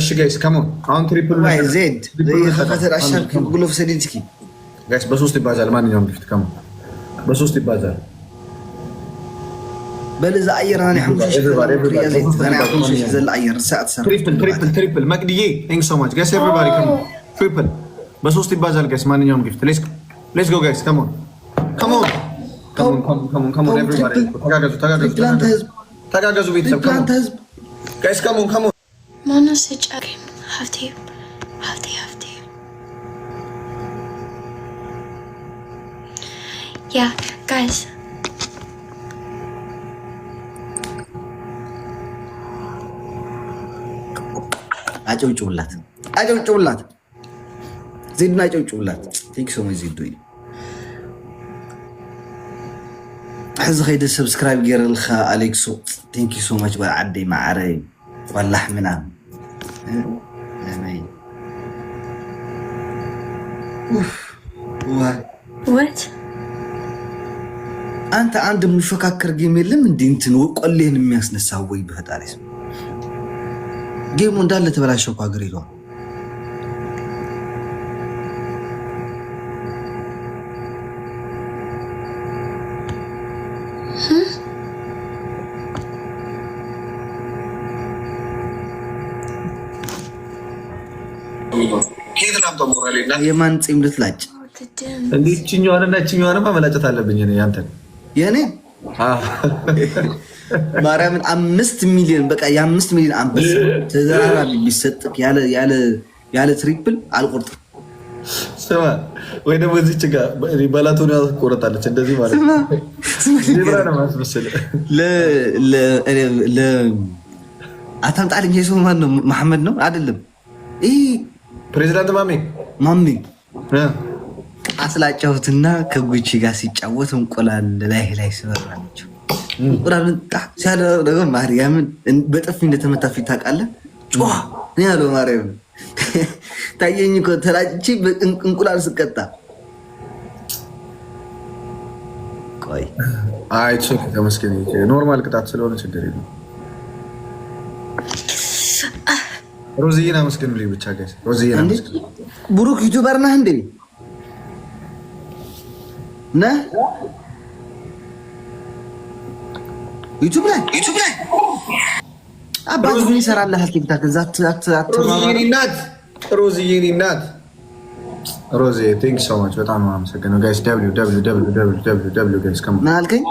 እሺ ጋይስ ከሞን አሁን ትሪፕል ዜድ ከፈተር አሻርክ ጉሎፍ ሰዲንስኪ ጋይስ በሶስት ይባዛል። ማንኛውም ጊፍት ከሞን በሶስት ይባዛል። በልዛ አየር ትሪፕል መቅድዬ ንክ ሶ ማች ጋይስ ኤቨሪባዲ ከሞን ትሪፕል በሶስት ይባዛል ጋይስ ማንኛውም ጊፍት ሌትስ ጎ ጋይስ ከሞን ከሞን ተጋገዙ ተጋገዙ ተጋገዙ ቤተሰብ ከሞን ከሞን ማንን ስጫቂ ሀብቴ ሀብቴ ሀብቴ ያ ጋይስ አጨብጭቡላት፣ አጨብጭቡላት፣ ዜድን አጨብጭቡላት። ቴክሶሞች ዜዱ ሕዚ ከይደ ሰብስክራይብ ገይረልካ ኣሌክሶ ቴንኪ ሶ ማች ባል ዓደይ ማዕረይ ዋላሕ ምናምን ለነገሩ ለማይ ወት አንተ አንድ የምሾካከር ጌም የለም እንዴ? እንትን ቆሌህን የሚያስነሳ ወይ በፈጣሪ ጌሙ እንዳለ ተበላሸኩ ሀገር ይለዋል ኬት ላምጠ ሞራሌ የማን ፂም ልትላጭ? እንዲችኛዋንና ችኛዋንማ መላጨት አለብኝ ያንተን የእኔ ማርያምን አምስት ሚሊዮን በቃ የአምስት ሚሊዮን አንበሳ ተዘራራቢ ቢሰጥ ያለ ትሪፕል አልቆርጥም። ስማ ወይ ደግሞ እዚች ጋ ባላቶኒ ቆረጣለች እንደዚህ ማለት አታምጣልኝ ሰው ማን ነው? መሐመድ ነው አይደለም? ፕሬዚዳንት ማሚ ማሚ አስላጫሁትና ከጉቺ ጋር ሲጫወት እንቁላል ላይ ላይ ስበራለችው እንቁላልን ሲያደረግ ሲያደረገው ማርያምን በጥፊ እንደተመታ ፊት ታውቃለህ። ጮኸ እኔ ያለው ማርያም ታየኝ እኮ እንቁላል ስቀጣ ቆይ አይ ተመስገን ኖርማል ቅጣት ስለሆነ ችግር የለም። ሮዝዬን አመስግኑልኝ ብቻ ጋይስ። ሮዝዬን አመስግኑ። ብሩክ ዩቱበር ነህ እንዴ? ነህ ዩቱብ ላይ ዩቱብ ላይ አባት ምን ይሰራልሃል? ቲክታክ ይናት ሮዝዬን ይናት ሮዝዬ ቴንክ ሶ ማች በጣም አመሰግነው ጋይስ። ደብሊው ደብሊው ደብሊው ደብሊው ጋይስ ከምን አልከኝ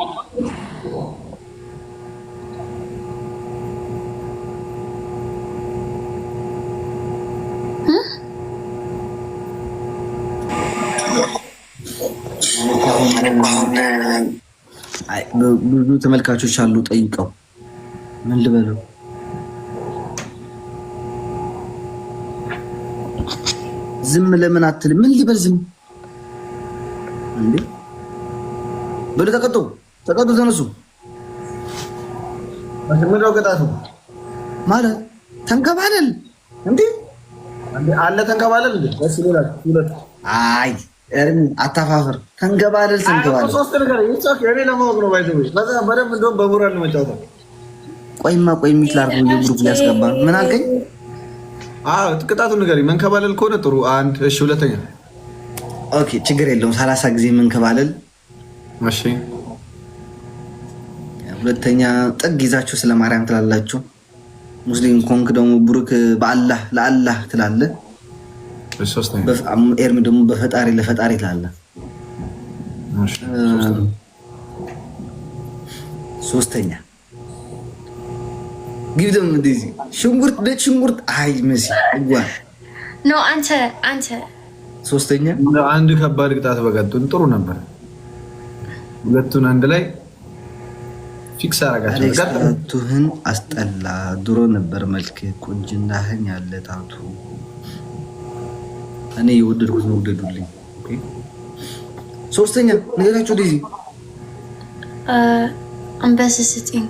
ብዙ ተመልካቾች አሉ ጠይቀው ምን ልበለው ዝም ለምን አትልም? ምን ሊበል ዝም እንዴ? በሉ ተቀጡ፣ ተቀጡ፣ ተነሱ። መጀመሪያው ቅጣቱ ማለት ተንከባለል እንዴ አለ ተንከባለል እንዴ? አይ አታፋፍር ተንገባለል ስንገባለል ቆይማ ቆይ የሚችል አድርጎ የጉሩፕ ያስገባ ምን አልከኝ? ቅጣቱ ንገረኝ። መንከባለል ከሆነ ጥሩ አንድ እሺ፣ ሁለተኛ ኦኬ፣ ችግር የለውም ሰላሳ ጊዜ መንከባለል። እሺ፣ ሁለተኛ ጥግ ይዛችሁ ስለ ማርያም ትላላችሁ። ሙስሊም ኮንክ ደግሞ ብሩክ በአላህ ለአላህ ትላለህ ኤርሚ ደግሞ በፈጣሪ ለፈጣሪ ትላለህ። ሶስተኛ ግቢ ደግሞ እንደዚህ ሽንኩርት፣ ነጭ ሽንኩርት አይ መሲ ነው። አንተ አንተ ሶስተኛ አንድ ከባድ ቅጣት በቀጡን ጥሩ ነበር። ሁለቱን አንድ ላይ ፊክስ አረጋቸው። አስጠላ ድሮ ነበር መልክ ቁንጅናህን ያለ ጣቱ እኔ የወደድኩት ነው ውደዱልኝ። ሶስተኛ ነገራቸው ዴዚ አንበሳ ስጥኝ።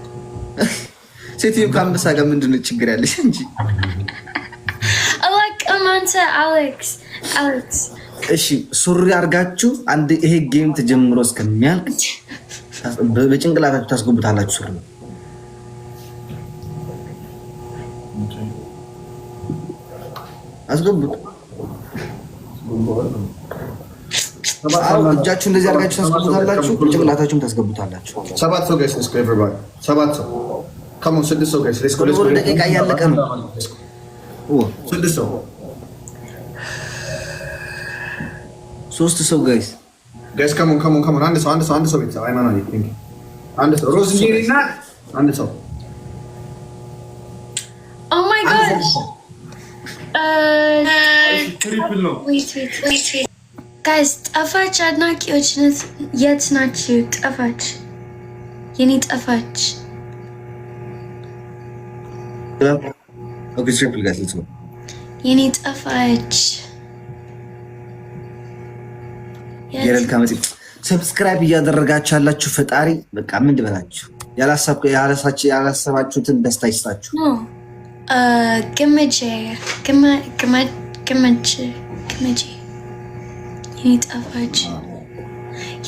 ሴትዮ ከአንበሳ ጋር ምንድን ነው ችግር ያለሽ እንጂ አንተ አሌክስ አሌክስ። እሺ ሱሪ አድርጋችሁ አንድ ይሄ ጌም ተጀምሮ እስከሚያልቅ በጭንቅላታችሁ ታስገቡታላችሁ ሱሪ ነው አስገቡት። እጃችሁ እንደዚህ አድርጋችሁ ታስገቡታላችሁ። ጭንቅላታችሁም ቅላታችሁም ታስገቡታላችሁ። ሰባት ሰው ጋይስ ሰባት ሰው ከሞን ስድስት ሰው ጋይስ ደቂቃ እያለቀ ነው። ስድስት ሰው ሶስት ሰው ጋይስ ጋይስ ከሞን ከሞን ከሞን አንድ ሰው አንድ ሰው አንድ ሰው ቤተሰብ ሃይማኖት አንድ ሰው ሮዝ እና አንድ ሰው ኦ ማይ ጋድ ትሪፕል ነው። ጋይስ ጠፋች። አድናቂዎች የት ናችሁ? ጠፋች፣ የኔ ጠፋች። የኔ ጠፋች። ሰብስክራይብ እያደረጋችሁ ያላችሁ ፈጣሪ በቃ ምን ልበላችሁ፣ ያላሰባችሁትን ደስታ ይስጣችሁ። ግመጄ ግመጄ كمج كمجي You need a fudge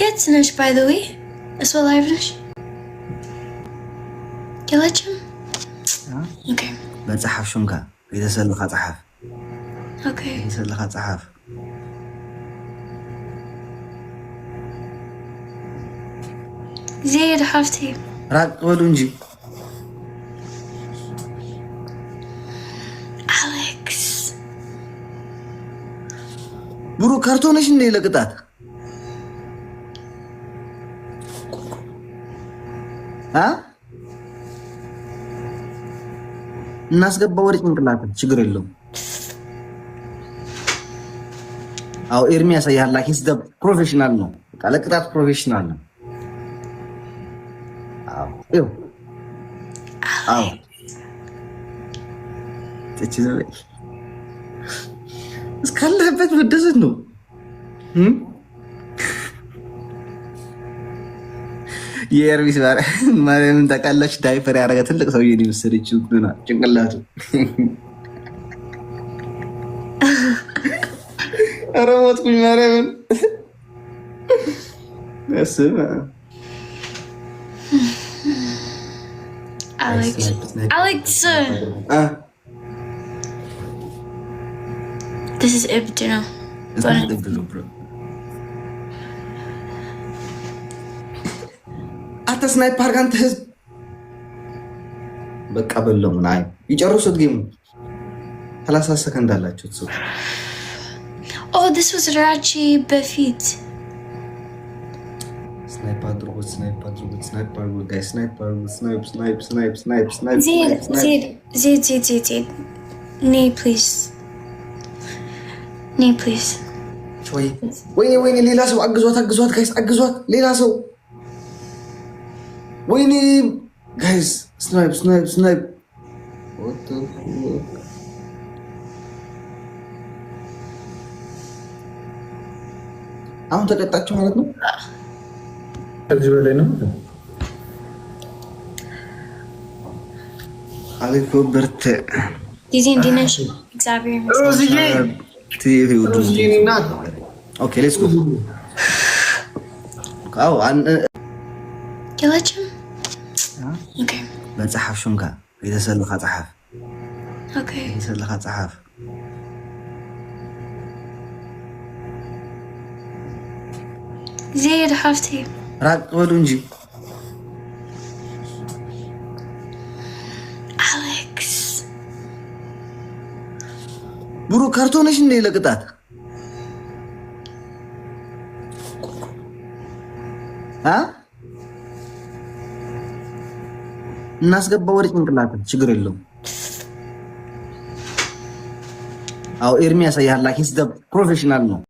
يا تنش by the way as well عرفناش يلا كم اوكي بنصحف شنكا إذا سلخ صحف اوكي إذا سلخ صحف زين حرفتي راد ولونجي ብሩ ካርቶነሽ እንዴ ለቅጣት አ እናስገባ ወደ ጭንቅላት ችግር የለውም። አው ኤርሚ ያሳያል። ላይክ ኢዝ ፕሮፌሽናል ነው። ለቅጣት ፕሮፌሽናል ነው። አዎ እዩ አዎ እስካለህበት መደሰት ነው። የኤርሚስ ማርያምን ታውቃለች። ዳይፐር ያደረገ ትልቅ ሰውዬ የመሰለች ጭንቅላቱ ኧረ ሞትኩኝ ማርያምን አሌክስ This is empty now. It's Go not empty, bro. አታ ስናይፐር ጋር አንተ ህዝብ በቃ በለው ምን አይ ይጨርሱት ጌሙ። ሰላሳ ሰከንድ አላቸው። ሰው ኦ ዲስ ዋዝ ራቺ በፊት ስናይፐር አድርጎት ስናይፐር አድርጎት ስናይፐር አድርጎት ጋይ ስናይፐር አድርጎት ስናይፕ ስናይፕ ስናይፕ ስናይፕ ስናይፕ ዜድ ዜድ ዜድ ዜድ ኔ ፕሊዝ ወይኔ ወይኔ፣ ሌላ ሰው አግዟት፣ አግዟት ጋይስ፣ አግዟት፣ ሌላ ሰው ወይኔ ጋይስ፣ ስናይፕ፣ ስናይፕ፣ ስናይፕ አሁን ተቀጣችሁ ማለት ነው። ከዚህ በላይ ነው። አቤት በርቴ ጊዜ እንዲነሽ እግዚአብሔር ይመስገን። መፅሓፍ ሹምካ የተሰለካ ፅሓፍ የተሰለካ ፅሓፍ زيد حرفتي راك ولونجي ካርቶንሽ እንዴ ለቅጣት እናስገባ ወደ ጭንቅላት ችግር የለውም። አዎ ኤርሚያስ ሂስ ፕሮፌሽናል ነው።